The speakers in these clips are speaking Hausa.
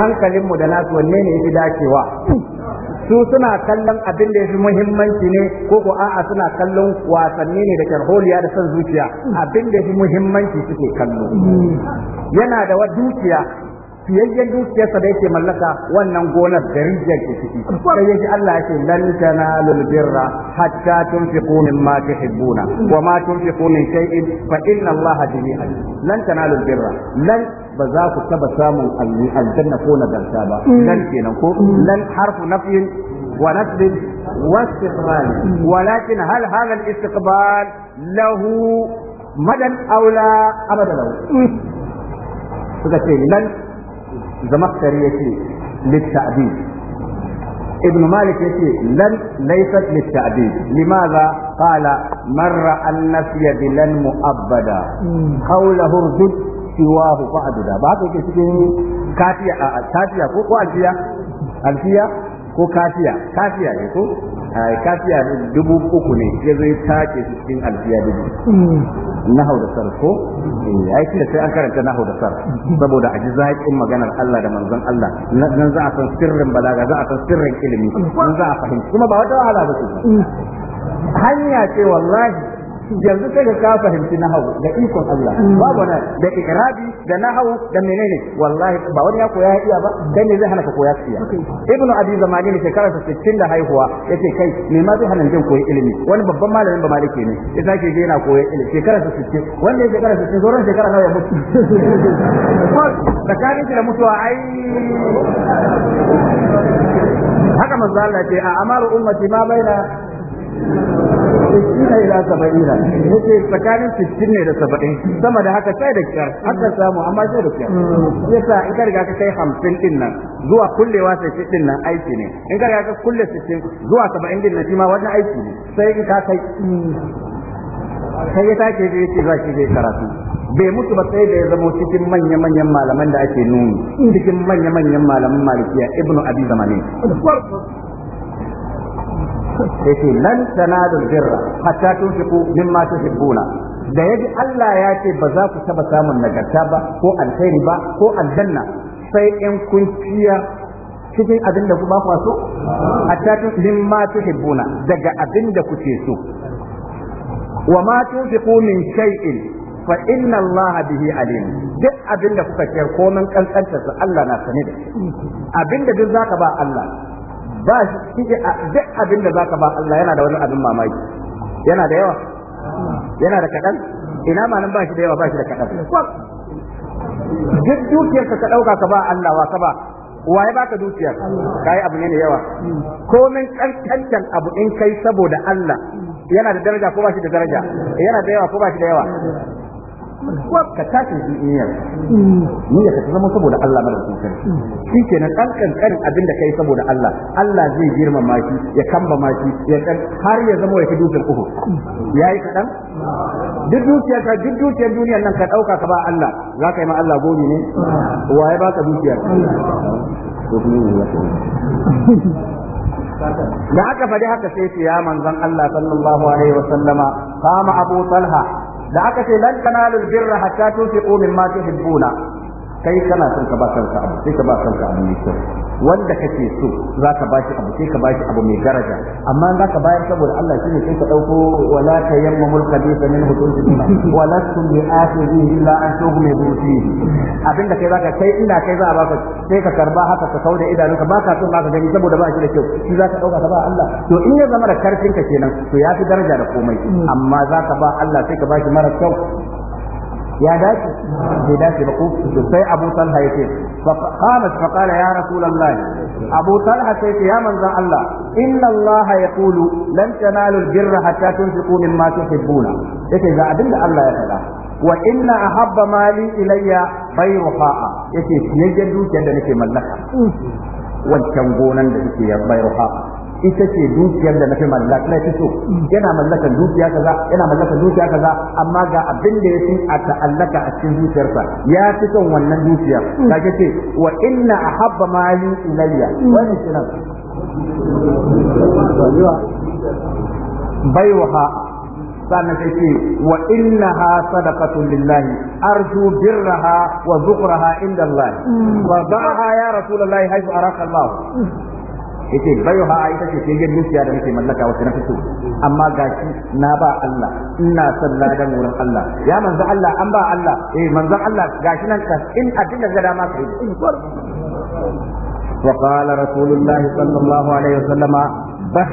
hankalinmu da nasu wanne ne yafi dacewa su suna kallon abin da yafi muhimmanci ne ko ko a'a suna kallon wasanni ne da karholiya da son zuciya abin da yafi muhimmanci suke kallo yana da wa dukiya fiyayyen dukiyarsa da yake mallaka wannan gonar da rijiyar ke ciki sai yake Allah yake lan tanalul birra hatta tunfiqu mimma tuhibbuna wa ma tunfiqu min shay'in fa inna Allah bihi alim lan tanalul birra lan ba za ku taba samun aljanna ko nagarta ba lan kenan ko lan harfu nafyin wa nasbin wa istiqbal walakin hal hadha al-istiqbal lahu madan aula abada lahu suka ce lan zamaktari yake للتعبيد ابن مالك يقول لن ليست للتعبيد لماذا قال مر النفي بلن مؤبدا قوله ارجد ku ku adada ba haka ke cikin kafiya a kafiya ko ko alfiya alfiya ko kafiya kafiya ne ko kafiya ne dubu uku ne ya zai take su cikin alfiya dubu hmm. Na hau da sar ko eh, ai kila sai an karanta na hau da sar saboda a ji zaƙin maganar Allah da manzon Allah nan za a san sirrin balaga za a san sirrin ilimi hmm. nan za a fahimci kuma ba wata wahala ba ce hmm. hanya ce wallahi yanzu sai ka fahimci na nahawu da ikon Allah mm. babu na da irabi da na nahawu da menene wallahi ba wani ya koya iya ba dan ne zai hana ka koya iya ibn abi zamani ne shekara 60 da haihuwa yace kai me ma zai hana jin koyi ilimi wani babban malamin ba malike ne ya ke je yana koyi ilimi shekara 60 wanda ya shekara 60 zoran shekara nawa ya mutu tsakanin shi da mutuwa ai haka manzo Allah ce a amaru ummati ma baina sittina ila saba'ina yace tsakanin sittin ne da saba'in sama da haka sai da kyar haka samu amma sai da kyar yasa in ka riga ka kai hamsin din nan zuwa kullewa sai sittin nan aiki ne in ka riga ka kulle sittin zuwa saba'in din nan shi ma wannan aiki ne sai in ka kai sai ya take da yake za shi zai karatu bai mutu ba sai da ya zamo cikin manya-manyan malaman da ake nuni cikin manya-manyan malaman malikiya ibnu abi zamanin yace lan tanadul birra hatta tunfiqu mimma tuhibbuna da yaji Allah ya ce ba za ku taba samun nagarta ba ko alkhairi ba ko aljanna sai in kun ciya cikin abin da ku ba ku hatta tun mimma tuhibbuna daga abin da ku ce so wa ma tunfiqu min shay'in fa inna Allah bihi alim duk abin da kuka ko komin kankanta Allah na sani da abin da duk zaka ba Allah ba shi duk abin da zaka ba Allah yana da wani abin mamaki yana da yawa yana da kadan ina ma nan ba shi da yawa ba shi da kadan duk dukiyar ka dauka ka ba Allah wa ka ba wa ya baka dukiyar kai abu ne da yawa min kankantan abu in kai saboda Allah yana da daraja ko ba shi da daraja yana da yawa ko ba shi da yawa ka tashi shi ni niyyar ka zama saboda Allah madaukakin kai. shi kenan dan kankanin abin da kai saboda Allah Allah zai girma shi ya kamba shi ya kan har ya zama ya fi dukiyar uhu yayi kadan duk dukiyar ka duk dukiyar duniyar nan ka dauka ka ba Allah za ka yi ma Allah gori ne wa ya baka dukiyar da aka faɗi haka sai ya manzon Allah sallallahu alaihi wasallama kama Abu Talha da aka ce lan tanalul birra hatta tunfiqu mimma tuhibbuna kai kana son ka ba kanka abu sai ka ba kanka abu mai kyau wanda kake so za ka ba shi abu sai ka ba shi abu mai daraja amma za ka bayar saboda Allah ne sai ka dauko wala tayammamul qadisa min hutuntina wala tum bi akhihi illa an mai fihi abinda kai zaka kai inda kai za a baka sai ka karba haka ka kauda idanu ka ba ka son baka gani saboda ba shi da kyau shi za ka dauka ka ba Allah to in ya zama da karfin ka kenan to ya fi daraja da komai amma za ka ba Allah sai ka ba shi mara kyau ya dace bai dace ba ko sai Abu Talha yace fa qala fa qala ya rasulullah Abu Talha sai ya manzon Allah inna ya yaqulu lan tanalu al-birra hatta tunfiqu mimma tuhibbuna yace ga abin da Allah ya faɗa wa inna habba mali ilayya bayru fa'a yace fiyayyen dukiyar da nake mallaka wancan gonan da yake ya bayru fa'a ita ce dukiyar da na fi mallaka na fi so yana mallaka dukiya kaza yana mallakan dukiya kaza amma ga abin da yafi a ta'allaka a cikin zuciyarsa ya fi son wannan dukiya kaje ce wa inna ahabba mali ilayya wani kiran baiwaha sannan sai ce wa inna innaha sadaqatun lillahi arju birraha wa zukraha inda Allah hmm. wa ba'aha ya rasulullahi haythu araka yace baiha ita ce ke gidan siya da nake mallaka wacce na fito amma gashi na ba Allah ina son ladan wurin Allah ya manzo Allah an ba Allah eh manzo Allah gashi nan ka in abin da gada ma kai وقال رسول الله صلى الله عليه وسلم بخ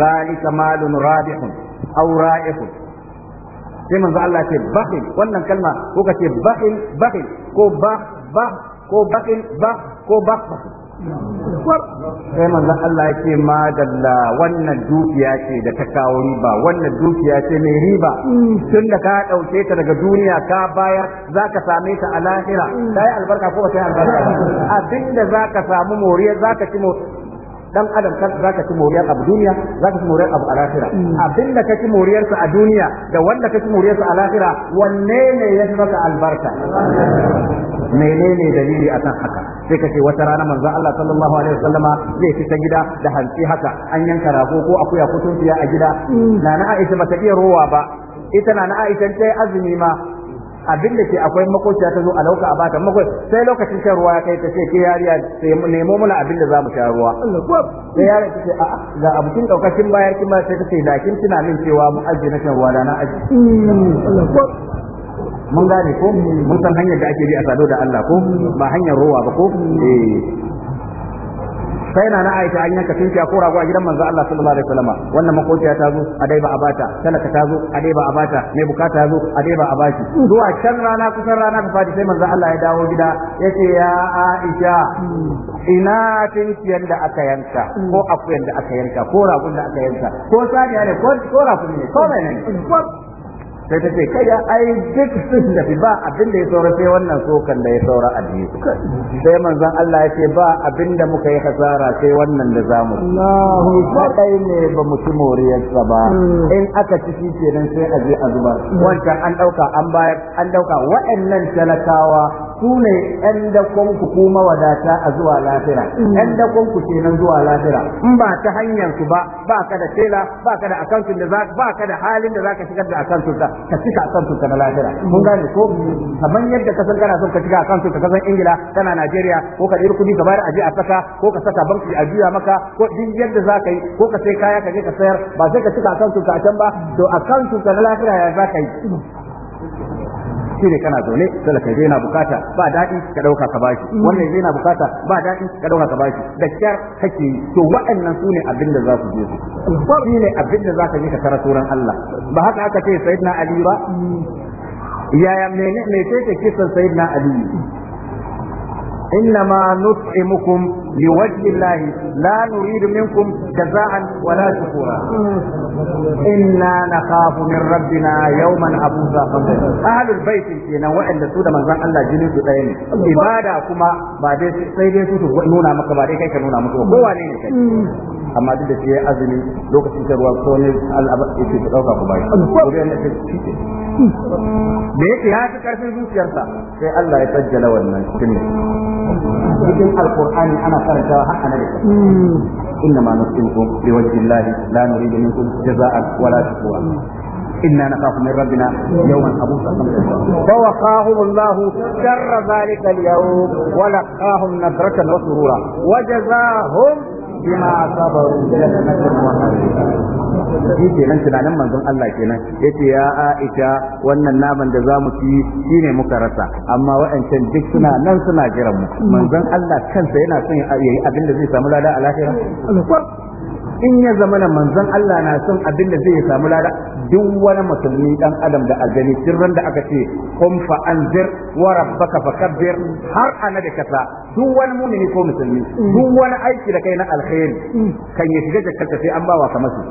ذلك مال رابح أو رائح sai manzo Allah ce bakhil wannan kalma ko ka ce bakhil bakhil ko ba ba ko bakhil ba ko ba sai manzo Allah yake madalla wannan dukiya ce da ta kawo riba wannan dukiya ce mai riba mm. tun da ka dauke ta daga duniya ka bayar zaka same ta a lahira sai mm. albarka ko sai albarka abinda zaka samu moriya zaka ci dan adam kan zaka ci moriyar abu duniya zaka ci moriyar abu a lahira mm. abinda ka ci moriyar sa a duniya da wanda ka ci moriyar sa a lahira wanne ne ya fi maka albarka menene dalili akan haka sai kace wata rana manzo Allah sallallahu alaihi wasallama zai fita gida da hanci haka an yanka rago ko akuya ko tunkiya a gida mm. nana Aisha bata iya rowa ba ita nana Aisha tayi azumi ma abin da ke akwai makociya ta zo a lauka a bata makoci sai lokacin shan ruwa ya kai ta ce ke yariya sai nemo mana abin da zamu sha ruwa sai yariya ta ce a ga abokin daukakin bayar kin ma sai ta ce da kin tuna min cewa mu azumi na shan ruwa da na ajiye mm. mun gane ko mun san hanyar da ake bi a sado da Allah ko ba hanyar ruwa ba ko eh. sai na na aisha an yanka tunkiya ko rago a gidan manzo Allah sallallahu alaihi wasallam wannan makociya ta zo a dai ba a bata talaka ta zo a dai ba a bata mai bukata zo a dai ba a bashi zuwa can rana kusan rana ta fadi sai manzo Allah ya dawo gida yace ya aisha ina tunkiyar da aka yanka ko akuyan da aka yanka ko ragon da aka yanka ko saniya ne ko ko rago ne ko mai sai ta ce kai ai duk sun da ba abin da ya saura sai wannan sokan da ya saura a biyu sai manzon Allah ya ce ba abin da muka yi hasara sai wannan da zamu Allahu kadai ne ba mu ci moriyarsa ba hmm. in aka ci shi kenan sai a je a zuba wancan an dauka an bayar an dauka waɗannan talakawa su ne ‘yan dakon ku kuma wadata a zuwa lafira, ‘yan hmm. dakon ku kenan zuwa lafira, in ba ta hanyar ku ba, ba ka da tela, ba ka da akantun da za ba ka da halin da za ka shigar da akantun ka, ka cika akan su ka na lahira mun gane ko kamar yadda ka san kana son ka cika akan su ka san ingila kana najeriya ko ka ɗiri kudi ka bayar aje a saka ko ka saka banki a juya maka ko yadda za ka yi ko ka sai kaya ka je ka sayar ba sai ka cika akan su ka a can ba to akan su ka na lahira ya za ka yi shine kana zaune talaka zai na bukata ba daɗi ka ɗauka ka bashi mm. wannan zai na bukata ba daɗi ka ɗauka ka bashi da kyar kake yi to waɗannan su ne abin da za ku je su shi ne abin da za ka je ka tara turan Allah ba haka aka ce sayyidina Ali ba mm. yaya menene ce kisan sayyidina Ali إنما نطعمكم لوجه الله لا نريد منكم جزاء ولا شكورا إنا نخاف من ربنا يوما أبوزا أهل البيت كنا وإن سودا من زن الله جنين سودين إبادة كما بعد سيدين سودا نونا مكباري كي كنونا مكباري amma duk da shi ya azumi lokacin da ruwa so ne al'aba yake da dauka ku bai ko da yake shi ke da yake ya fi karfin zuciyarsa sai Allah ya sajjala wannan cikin cikin alqur'ani ana karantawa har ana da إنما نسلمكم لوجه الله لا نريد منكم جزاء ولا شكوى إنا نخاف من ربنا يوما عبوسا فوقاهم الله شر ذلك اليوم ولقاهم نظرة وسرورا وجزاهم bima sabaru jannatun wa shi kenan tunanin manzon Allah kenan yace ya Aisha wannan naman da zamu ci shine muka rasa amma wa'ancan duk suna nan suna jiran mu manzon Allah kansa yana son yayi abin da zai samu lada a lahira in ya zama manzon Allah na son abin da zai samu lada duk wani musulmi dan adam da aljani sirran da aka ce qum fa anzir wa rabbaka fakabbir har ana da kasa duk wani mumini ko musulmi duk wani aiki da kai na alkhairi kan ya shiga jakarta sai an bawa ka masu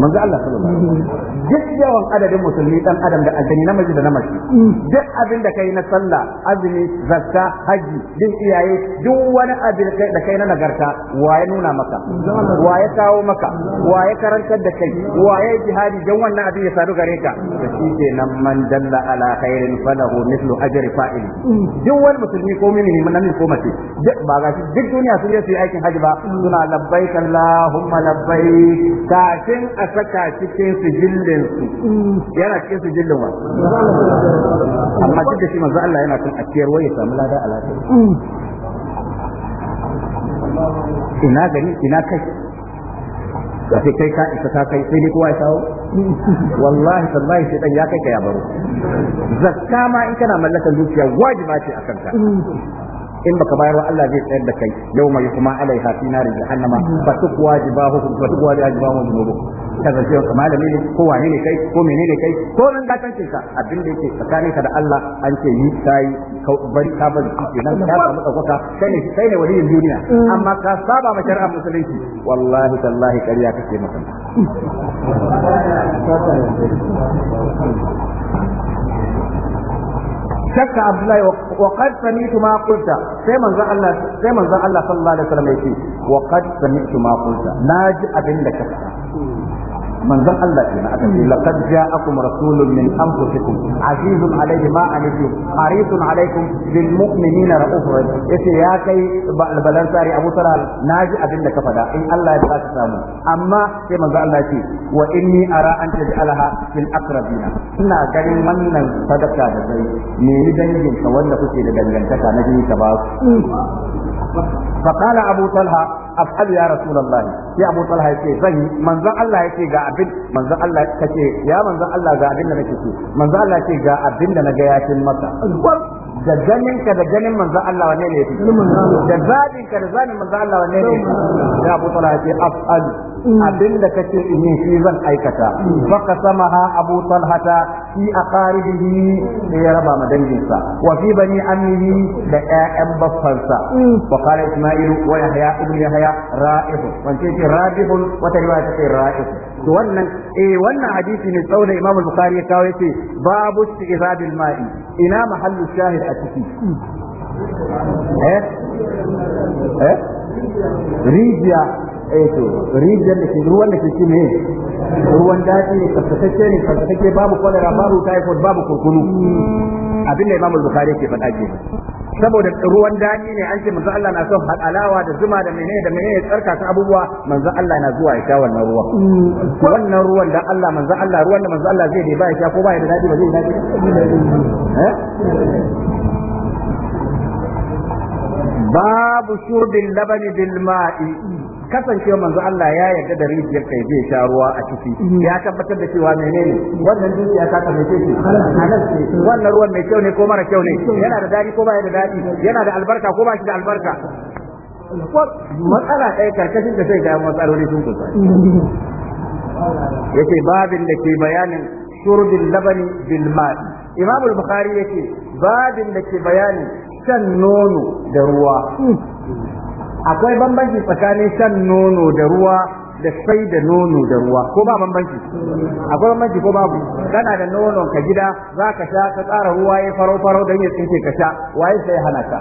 manzo Allah sallallahu alaihi duk yawan adadin musulmi dan adam da aljani namiji da namace duk abin da kai na sallah azumi zakka haji din iyaye duk wani abin da kai na nagarta waye nuna maka waye kawo maka waye karantar da kai waye jihadi dan wannan abin ya sadu gare ka da shi ke nan man dalla ala khairin falahu mithlu ajri fa'il mm. duk wani musulmi ko mini ne nan ko mace ba ga duk duniya sun yi aikin haji ba mm. suna labbaik allahumma labbaik kafin a saka cikin sijillin su mm. yana cikin sijillin wa amma duk da shi manzo Allah yana kan akiyar waye samu lada alaƙa ina gani ina kai da sai kai ka isa ta kai sai ne kowa ya kawo wallahi sallahi sai dan ya kai ka ya baro zakka ma in kana mallakar dukiya wajiba ce akan ka in baka bayar wa Allah zai tsayar da kai mai kuma alaiha fi nari jahannama hmm. fa tuqwa jibahu fa tuqwa jibahu dhunubu kaza ce ka malami ne ko wani ne kai ko menene kai ko nan ka tantance ka abin da yake tsakanin ka da Allah an ce yi kai bari ka bari nan, ka samu daukaka kai ne kai ne waliyin duniya hmm. amma ka saba ma shari'ar musulunci wallahi tallahi kariya kake maka shakka abdullahi wa qad sami'tu ma qulta sai manzon Allah sai Allah sallallahu alaihi wasallam yake wa qad sami'tu ma abin da ka manzon Allah kenan aka ce laqad ja'akum rasulun min anfusikum azizun alayhi ma anitum harisun alaykum bil mu'minina ra'ufur yace ya kai balbalan sari Abu Talal naji abin da ka fada in Allah ya baka samu amma sai manzon Allah ce wa inni ara an taj'alaha fil aqrabina ina ganin wannan sadaka da kai ne ni dangin ka wanda kuke da dangantaka na jini ka ba ku. فقال أبو طلحة أفعل يا رسول الله يا أبو طلحة يكي زي من ذا الله يكي غا أبن من ذا الله يكي يا من ذا الله غا أبن لنكي من ذا الله يكي غا أبن لنكي ياتي مكة da ganin ka da ganin manzo Allah wanne ne yake da zabin ka da zabin manzo Allah wanne ne ya Abu Talha ce af'al mm. abinda kace in yi shi zan aikata mm. fa qasamaha Abu Talha fi aqaribihi da ya raba ma danginsa wa fi bani ammihi da ƴaƴan baffansa wa qala isma'il wa yahya ibn yahya ra'ih wanda yake ra'ih wata riwaya ta ce ra'ih to wannan eh wannan hadisi ne sau da Imam Bukhari ya kawo yace babu isti'rabil ma'i ina mahallu shahid a ciki eh eh rijiya eh to Rijiya da ke ruwan da ke ci ne ruwan daɗi ne tsaftatacce ne tsaftatacce babu kwalara babu typhoid babu kurkunu abin da imamul bukhari ke faɗa ke saboda ruwan daɗi ne an ce manzo Allah na son alawa da zuma da menene da menene tsarka tsarkaka abubuwa manzo Allah na zuwa ya sha wannan ruwa. wannan ruwan da Allah manzo Allah ruwan da manzo Allah zai da ba ya sha ko ba ya da daɗi ba zai daɗi eh? babu shurbin labani bil ma'i kasance manzo Allah ya yarda da rijiyar kai zai sha ruwa a ciki mhm. ya tabbatar da cewa menene wannan dukiya ta kace ce halal wannan ruwan mai kyau ne ko mara kyau ne yana da dadi ko ba da dadi yana da albarka ko ba shi da albarka matsala ɗaya karkashin da sai ga matsaloli sun kusa yace babin da ke bayanin shurbin labani bil ma'i imam al-bukhari yace babin da ke bayanin shan nono da ruwa hmm. akwai bambanci tsakanin shan nono da ruwa da sai da nono da ruwa ko ba bambanci akwai bambanci ko babu kana da nonon ka gida za ka sha ka tsara ruwa ya faro faro don ya tsinke ka sha waye sai hana ka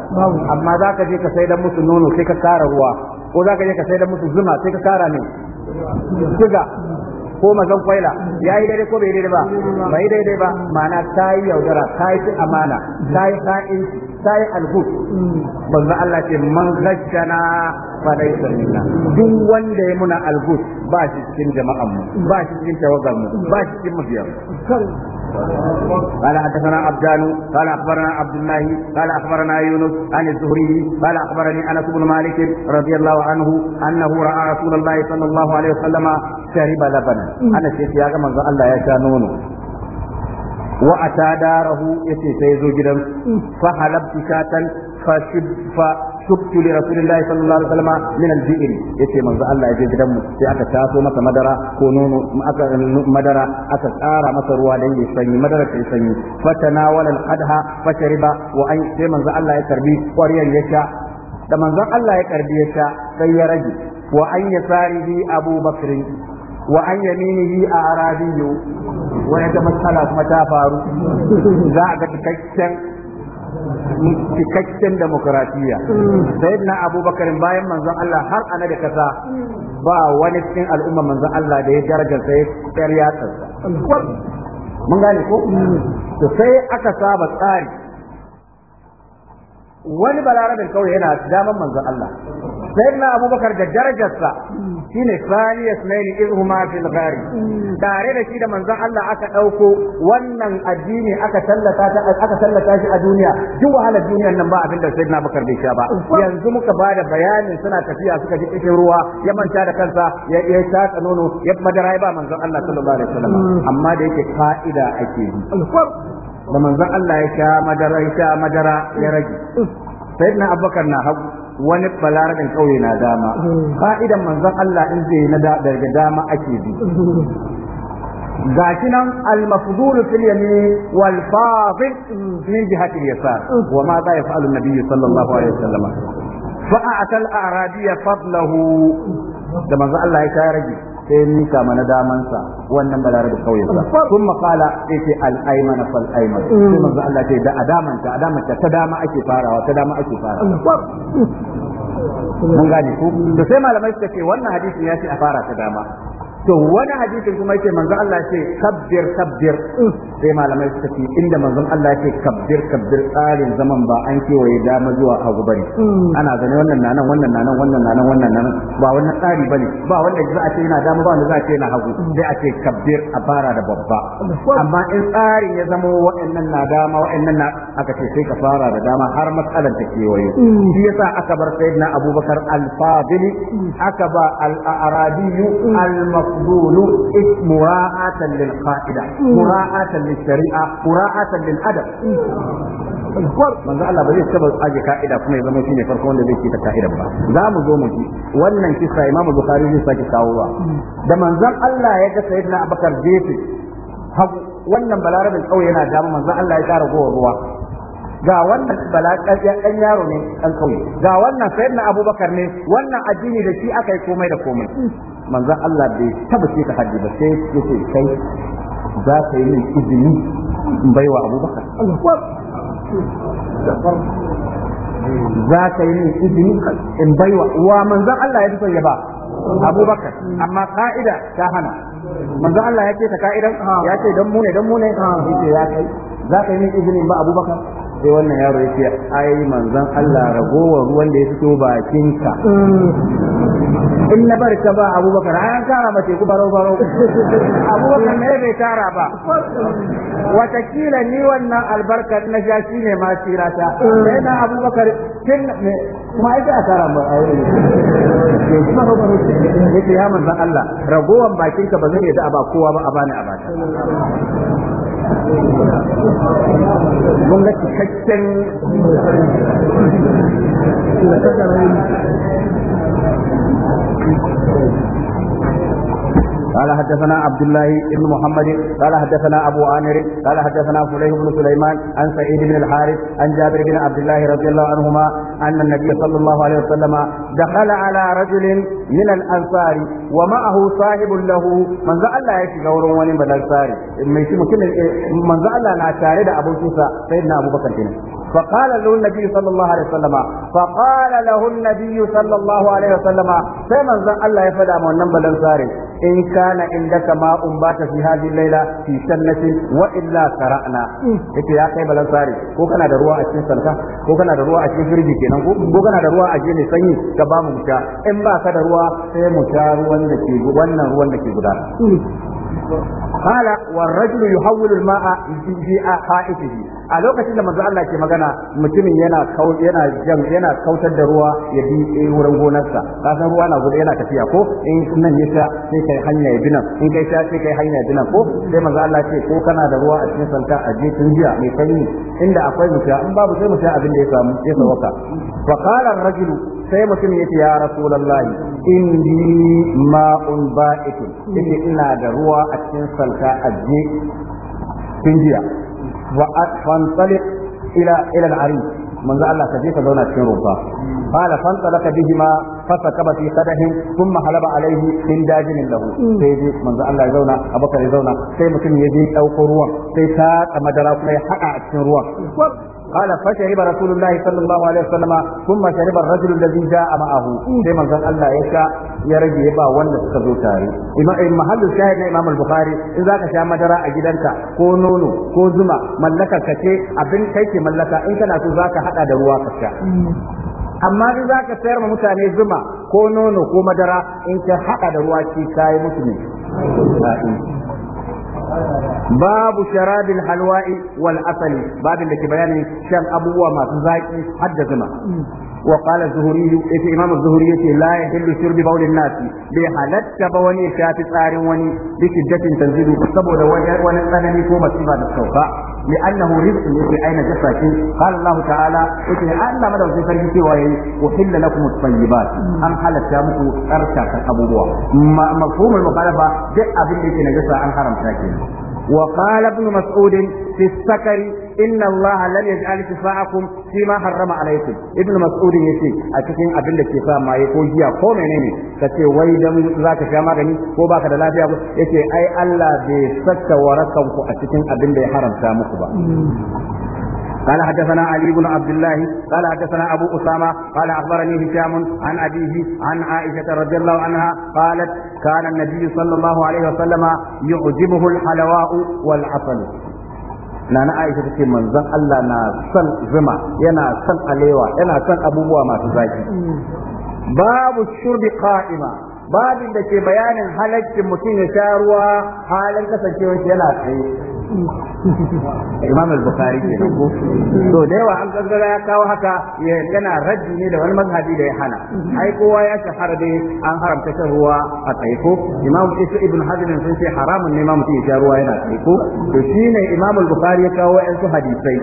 amma za ka je ka sai da musu nono sai ka tsara ruwa ko za ka je ka sai da musu zuma sai ka tsara ne Kiga? ko mazan kwaila ya yi daidai ko bai daidai ba bai daidai ba ma'ana ta yi yaudara ta yi amana ta yi sa'inci ta yi algus manzo Allah ce man gajjana fa laysa minna duk wanda ya muna algus ba shi cikin jama'an mu ba shi cikin tawagan mu ba shi cikin mabiyan قال حدثنا عبدان قال اخبرنا عبد الله قال اخبرنا يونس عن الزهري قال اخبرني انس بن مالك رضي الله عنه انه راى رسول الله صلى الله عليه وسلم شرب لبنا انا شيخ يا من الله يا شانونه wa ata darahu ce sai zo gidan fa halabti shatan fa shibfa shubtu li rasulillahi sallallahu alaihi wasallam min al-bi'r yace manzo Allah ya je gidan mu sai aka taso masa madara ko nono aka madara aka tsara masa ruwa dan ya sanyi madara ta sanyi fa tanawala al-qadha fa shariba wa an sai manzo Allah ya karbi kwariyar ya sha da manzon Allah ya karbi ya sha sai ya rage wa an yasarihi Abu Bakr wa an yaminihi Arabiyu wani ta matsala kuma ta faru za a ga cikakken cikakken demokratiya sai na abubakarin bayan manzon Allah har ana da kasa ba wani cikin al'umma manzon Allah da ya darajar sai yar yatsarsa mun gane ko to sai aka saba tsari wani balarabin kawai yana damar manzon Allah sayyidina abubakar da darajarsa shine sani ya yasmaini izhuma fil ghari mm. tare da shi da manzon Allah aka ɗauko wannan addini aka tallata aka tallata shi a duniya duk wahala duniyar nan ba abin da sayyidina abubakar bai sha ba yanzu muka ba da bayanin suna tafiya suka ji cikin ruwa ya manta da kansa ya ya sha nono ya madara ya ba manzon Allah sallallahu alaihi wasallam mm. amma da yake fa'ida ake yi da manzon Allah ya sha madara ya sha madara ya rage mm. sayyidina abubakar na hagu wani balarabin kauye na dama fa'idan hmm. manzon Allah in zai na daga dama ake bi gashi nan al-mafdul fil yamin wal fadil min jihati al-yasar hmm. wa ma za yaf'alu an-nabiy sallallahu alaihi wasallam fa a'tal a'radiya fadlahu da manzon Allah ya rage sai mika mana damansa wannan da kauye sa kun makala sai ce al'aimana fal aiman mm. sai manzo Allah ce da a damanta ta dama ake farawa ta dama ake farawa mun gane ko to sai malamai suka ce wannan hadisin ya ce a fara ta dama to wani hadisin kuma yake manzon Allah ce kabbir kabbir sai malamai suka ce inda manzon Allah ce kabbir kabbir tsarin zaman ba an kewaye dama zuwa hagu bane hmm. ana gane wannan na nan wannan na nan wannan na nan wannan na nan ba wannan tsari bane ba wanda za a ce yana dama ba wanda za a ce yana hagu hmm. sai a ce kabbir a fara da babba amma in tsarin ya zama wa'annan na dama wa'annan na aka ce sai ka fara da dama har matsalar ta kewaye hmm. shi yasa aka bar sayyidina Abubakar al-Fadili aka ba al-Arabi al المخزون مراعاة للقاعدة مراعاة للشريعة مراعاة للأدب manzo Allah ba zai taba aje ka'ida kuma ya zama shi ne farko wanda zai ce ta ka'ida ba za mu zo mu ji wannan kisa Imam Bukhari zai sake kawowa da manzon Allah ya ga Sayyidina Abubakar gefe wannan balarabin kauye yana dama manzon Allah ya kara gowa ruwa ga wannan Bala ɗan yaro ne ɗan kauye ga wannan sayar sayyidina abubakar ne wannan addini da shi aka yi komai da komai manzon Allah bai taba ce ka hajji ba sai yace kai za ka yi min izini in baiwa abubakar za ka yi min izini in baiwa wa manzon Allah ya fi ya ba abubakar amma ka'ida ta hana manzon Allah ya ce ta ka'idan ya ce dan mune ne dan mu ne ya kai za ka yi min izini ba abubakar sai wannan yaro ya ce ai manzon Allah ragowa ruwan da ya fito bakin ka in na bar ka ba abubakar an kara mace ku baro baro abubakar ne bai kara ba watakila ni wannan albarka na sha shi ne ma tsira ta sai na abubakar kin ne kuma ai da kara ba a wurin kuma ba ne ya manzon Allah ragowan bakin ka ba zai da ba kowa ba a bani a bata mun ga cikakken قال حدثنا عبد الله بن محمد قال حدثنا أبو عامر قال حدثنا فليح بن سليمان عن سعيد بن الحارث عن جابر بن عبد الله رضي الله عنهما أن النبي صلى الله عليه وسلم دخل على رجل من الأنصار ومعه صاحب له من ذا الله يشي غور وني من الأنصار من ذا الله نتاري أبو سوسة سيدنا أبو بكر فقال له النبي صلى الله عليه وسلم فقال له النبي صلى الله عليه وسلم سيما ذا الله يفدى من نمبر الأنصار in kana indaka ma bata fi hadhihi laila fi jannatin wa illa qara'na yace ya kai balansari ko kana da ruwa a cikin sanka ko kana da ruwa a cikin firji kenan ko kana da ruwa a cikin sanyi ka ba mu in ba ka da ruwa sai mu sha ruwan da ke wannan ruwan da ke gudana قال والرجل يحول الماء في حائطه a lokacin da manzo Allah ke magana mutumin yana yana jan yana kautar da ruwa ya bi eh, wurin gonarsa ka san ruwa na gudu yana tafiya ko in nan ya sha sai kai hanya ya binan in kai sha sai kai hanya ya binan ko sai manzo Allah ce ko kana da ruwa a cikin santa a je tun jiya mai sanyi inda akwai musha in babu sai musha abin da ya samu ya sawaka fa qala ar-rajul sai mutum yace ya rasulullahi indi ma'un ba'itun inda ina da ruwa a cikin santa a je tun jiya فانطلق إلى إلى العريس من ذا الله كجيك زونا تكين ربا قال فانطلق بهما فسكب في قدح ثم هلب عليه من داجن له سيدي من ذا الله زونا أبو بكر زونا سي متن يجي أو قروان سي تاك أما دراك حقا تكين قال فشرب رسول الله صلى الله عليه وسلم ثم شرب الرجل الذي جاء معه sai manzon Allah ya sha ya rage ba wanda suka zo tare imam mahallu shahid na imam al-bukhari in ka sha madara a gidanka ko nono ko zuma mallakar ka ce abin kai ke mallaka in kana so zaka haɗa da ruwa ka sha amma in zaka sayar wa mutane zuma ko nono ko madara in ka hada da ruwa ki kai musu ne babu sharabil halwa'i wal asali babin da ke bayanin shan abubuwa masu zaki har da zuma وقال الزهري إيه إمام الزهري لا يحل شرب بول الناس بحالت كبوني شافي صار وني بشدة تنزل سبو دواجر ونسألني كوما سيبا السوفاء لأنه رزق يجي أين جسد قال الله تعالى يجي أن ما لو جسد أحل لكم الطيبات أم حال الشامس أرشاك الأبوة مفهوم المخالفة جاء بالتي نجسة عن حرم ساكن وقال ابن مسعود في السكر إن الله لم يجعل شفاعكم فيما حرم عليكم ابن مسعود يسي أتكين أبن الشفاع ما يقول هي قوم نيني كتي ويدم ذاك شاما غني وباك دلاتي أقول يسي أي الله بسكة ستة ورسوك أتكين أبن دي حرم سامك قال حدثنا علي بن عبد الله قال حدثنا أبو أسامة قال أخبرني هشام عن أبيه عن عائشة رضي الله عنها قالت كان النبي صلى الله عليه وسلم يعجبه الحلواء والعسل nana Aisha ta ce manzon Allah na son zuma yana son alewa yana son abubuwa masu zaki babu shurbi qa'ima babin da ke bayanin halaccin mutum ya sha ruwa halin kasancewar yana tsaye imam al-bukhari ke nan ko to da yawa an gaggara ya kawo haka yana raddi ne da wani mazhabi da ya hana ai kowa ya shahara dai an haramta shan ruwa a tsaye ko imam isa ibn hazm sun ce haramun ne ma mutum ya sha ruwa yana tsaye ko to shine imam al-bukhari ya kawo yan su hadisai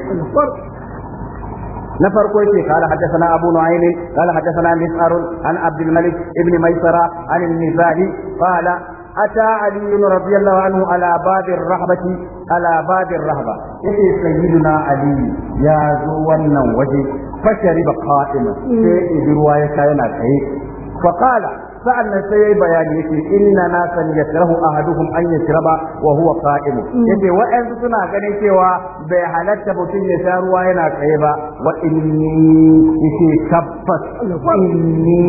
na farko yake kala haddathana abu nu'aym kala haddathana mis'ar an abdul malik ibn maisara an al-mizani qala أتى علي رضي الله عنه على باب الرهبة على باب الرهبة إيه سيدنا علي يا زوانا وجه فشرب قائما في رواية كان فقال sa'annan sai yayi bayani yake inna na nasan a haduhun an yashraba wa huwa qa'im mm. yace wa'ansu suna ganin cewa bai halatta mutum ya sha ruwa yana tsaye ba wa inni yace tabbas inni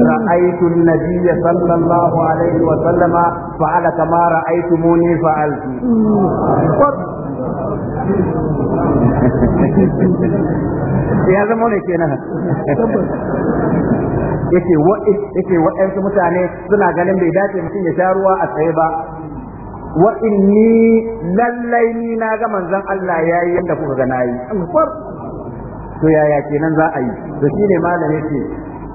ra'aytu nabiyya sallallahu alaihi wa sallama fa'ala kama ra'aytumuni fa'altu mm. ya zama ne kenan yake yake waɗansu mutane suna ganin bai dace mutum ya sha ruwa a tsaye ba wa inni lallai ni na ga manzon Allah yayi yadda kuka ga nayi to yaya kenan za a yi to shine malam yake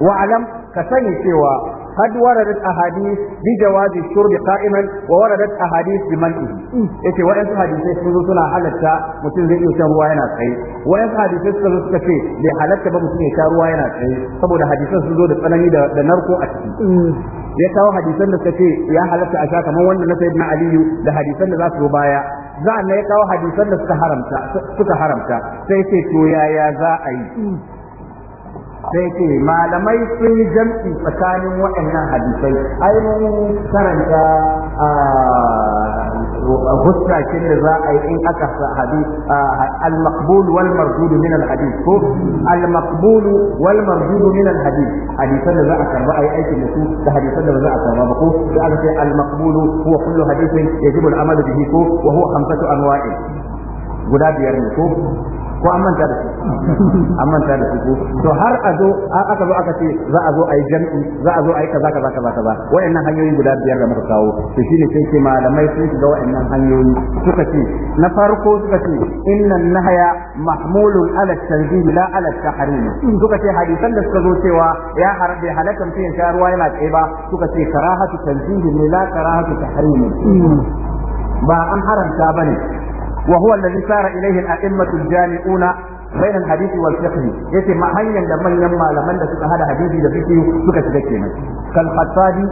wa alam ka sani cewa قد وردت أحاديث بجواز الشرب قائما ووردت أحاديث بمنعه yace Ya ce waɗansu hadisai suna halarta mutum zai iya ruwa yana tsaye Waɗansu hadisai suka zo suka ce bai halarta ba mutum ya sha ruwa yana tsaye saboda hadisan sun zo da tsanani da narko a ciki ya kawo hadisan da suka ce ya halarta a sha kamar wanda na sayyidina aliyu da hadisan da za su zo baya za a ya kawo hadisan da suka haramta suka haramta sai ce to yaya za a yi sai ce malamai sun yi jam'i tsakanin waɗannan hadisai ai mun karanta huskakin da za a yi in aka hadis al-maqbul wal mardud min al-hadis ko al-maqbul wal mardud min al-hadis hadisan da za a karba ai aikin da su da hadisan da ba za a karba ba ko da aka ce al-maqbul huwa kullu hadithin yajibu al-amalu bihi ko wa huwa khamsatu anwa'in guda biyar ne ko ko an manta da su an manta da su to har a zo aka zo aka ce za a zo a yi jam'i za a zo a yi kaza kaza kaza kaza wayannan hanyoyi guda biyar da muka kawo to shine sai ce malamai sun shiga wayannan hanyoyi suka ce na farko suka ce innan nahaya mahmulun ala tanzil la ala tahrim suka ce hadisan da suka zo cewa ya harbe halakan fiye sha ruwa yana tsaye ba suka ce karahatu tanzil ne la karahatu tahrim ba an haramta bane وهو الذي سار إليه الأئمة الجامعون بين الحديث والفقه يتي ما هيا لمن يما لمن سكا هذا حديثي ده فيه سكا تذكينا كالخطابي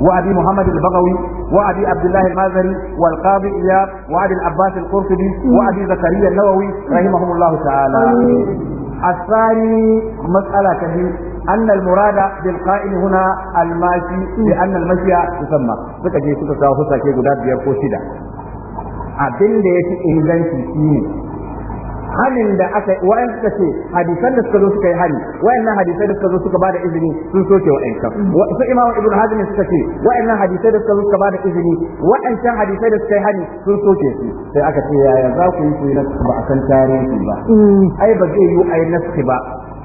وابي محمد البغوي وابي عبد الله المازري والقاضي اياب وابي العباس القرطبي وابي زكريا النووي رحمهم الله تعالى الثاني مسألة كبيرة أن المراد بالقائل هنا الماشي لأن المشي يسمى فكجي سكا ساوسا كي قداد بيركو شدة abin da ya ci inganci ne hanin da aka wayan suka ce hadisan da suka zo suka yi hari, hani nan hadisai da suka zo suka bada izini sun soke wayanka su imamu ibnu hazmi suka ce wayannan hadisai da suka zo suka bada izini can hadisai da suka yi hari sun soke su sai aka ce yaya za ku yi su ba a kan tarihi ba mm. ai ba zai yi ai naski ba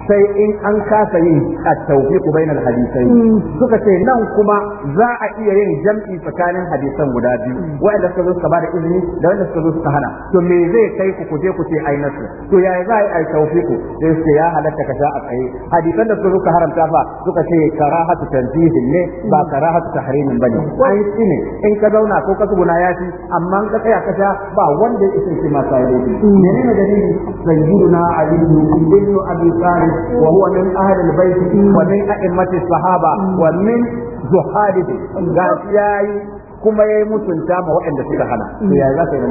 sai in an kasa yin at-tawfiq bainal hadisai mm. suka ce nan kuma za a iya yin jam'i tsakanin hadisan guda biyu Waɗanda suka zo suka da izini da wanda suka zo suka hana to me zai kai ku kuje ku ce ai nasu to yaya za a yi at-tawfiq sai ce ya halatta ka sha a tsaye hadisan da suka zo haramta fa suka ce karahatu tanzihin ne ba karahatu tahrimin bane an yi ne in ka zauna ko ka tsuguna ya ci amma in ka tsaya ka sha ba wanda ya isa ce ma sai dai mm. menene dalili sayyiduna ali ibn abi talib وهو من أهل البيت ومن أئمة الصحابة ومن زهاده قال ياي كما يموت انتام وإن دسك هنا يا ذاك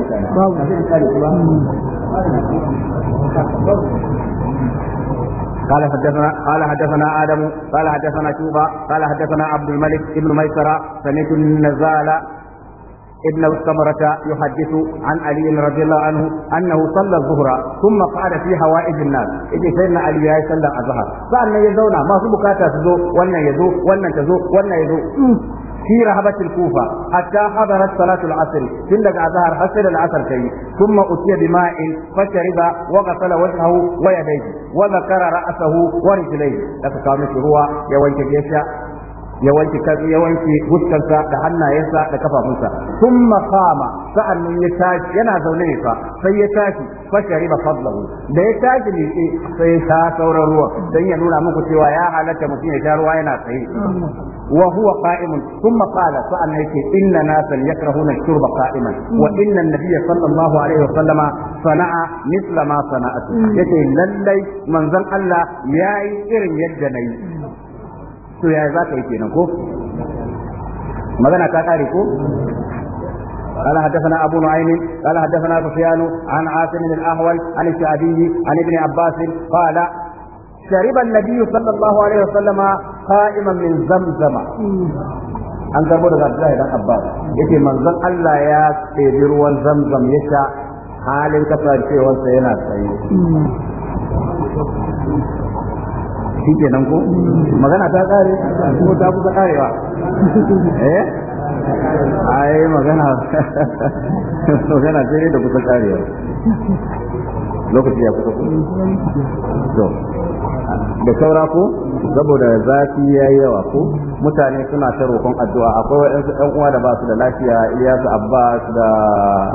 قال حدثنا قال حدثنا ادم قال حدثنا شوبه قال حدثنا عبد الملك بن ميسره سمعت النزال ابن السمرة يحدث عن علي رضي الله عنه أنه صلى الظهر ثم قعد في حوائج الناس إذا سيدنا علي يا صلى الظهر فأنا يزونا ما سبقا تزو وأن يزو وأن تزو وأن يزو في رهبة الكوفة حتى حضرت صلاة العصر تلك أظهر حسن العصر كي ثم أتي بماء فشرب وغسل وجهه ويديه وذكر رأسه ورجليه لك كامل هو يوين كيشا ya wanke ya wanke da hannayensa da kafafunsa thumma qama sa'annan ya tashi yana zaune ne fa sai ya tashi fa shariba fadlahu da ya tashi ne eh, sai ya sauran ruwa dan ya nuna muku cewa ya halatta mutum ya sha ruwa yana tsaye wa huwa qa'imun thumma qala sa'annan yake inna nasan yakrahuna shurba qa'iman wa inna an-nabiyya sallallahu alaihi wa sallama sana'a misla ma sana'at mm. yake lallai manzon Allah yayi irin yadda nayi to yaya za ka yi kenan ko magana ta kare ko قال حدثنا أبو نعيم قال حدثنا سفيان عن عاصم الأهول عن الشعبي عن ابن عباس قال شرب النبي صلى الله عليه وسلم قائما من زمزم an karbo daga Abdullahi dan Abbas yace manzon Allah ya tsebi ruwan zamzam ya sha halin kasancewarsa yana tsaye shi kenan ko magana ta kare ko ta kusa karewa eh ai magana magana sai da kusa karewa lokaci ya kusa to da saura ko saboda zafi ya yi yawa ko mutane suna ta roƙon addu'a akwai waɗansu ɗan uwa da ba su da lafiya Iyasu Abbas da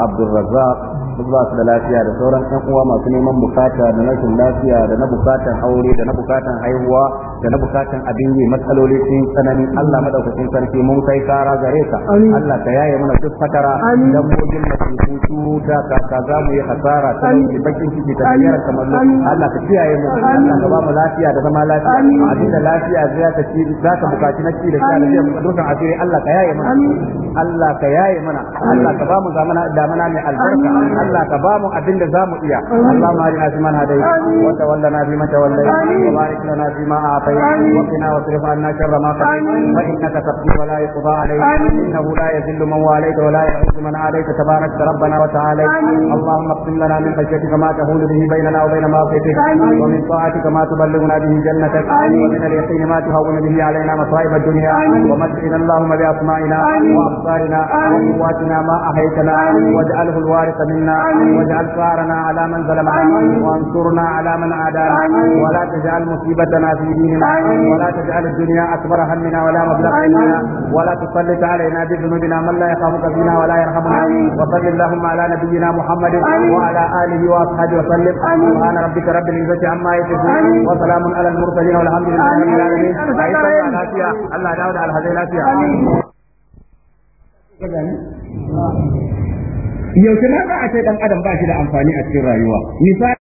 Abdulrazzaq duk ba su da lafiya da sauran 'yan uwa masu neman bukata da na lafiya da na bukatan aure da na bukatan haihuwa da na bukatan abin yi matsaloli sun tsanani Allah madaukakin sarki mun sai kara gare ka Allah ka yaye mana duk fatara dabbobin da su cuta ka ka za mu yi hasara ta dauki bakin ciki ta biyar kamar Allah ka kiyaye mu Allah ka ba mu lafiya da zama lafiya abin da lafiya zai ta ci za ka bukaci na ci da sha da dukan asiri Allah ka yaye mana Allah ka yaye mana Allah ka ba mu zamana damana mai albarka Allah ka ba mu abin da za mu iya Allah ma rina fi man hadai wanda tawallana fi man tawallai wa barik lana fi ma a'tai وقنا واصرف عنا شر ما قضيت فانك تقضي ولا يقضى عليك انه لا يذل من واليت ولا يعز من عليك تبارك ربنا وتعالى اللهم اقسم لنا من خشيتك ما تهون به بيننا وبين معصيتك ومن طاعتك ما تبلغنا به جنتك ومن اليقين ما تهون به علينا مصائب الدنيا ومتعنا اللهم باسمائنا وابصارنا وقواتنا ما احيتنا واجعله الوارث منا واجعل ثارنا على من ظلمنا وانصرنا على من عادانا ولا تجعل مصيبتنا في ديننا ولا تجعل الدنيا أكبر همنا ولا مبلغ علمنا ولا تسلط علينا بذنوبنا من لا يخافك فينا ولا يرحمنا وصل اللهم على نبينا محمد وعلى آله وأصحابه وسلم سبحان ربك رب العزة عما يصفون وسلام على المرسلين والحمد لله رب العالمين الله داود على هذه الأشياء yaushe na za a ce dan adam ba shi da amfani a cikin rayuwa misali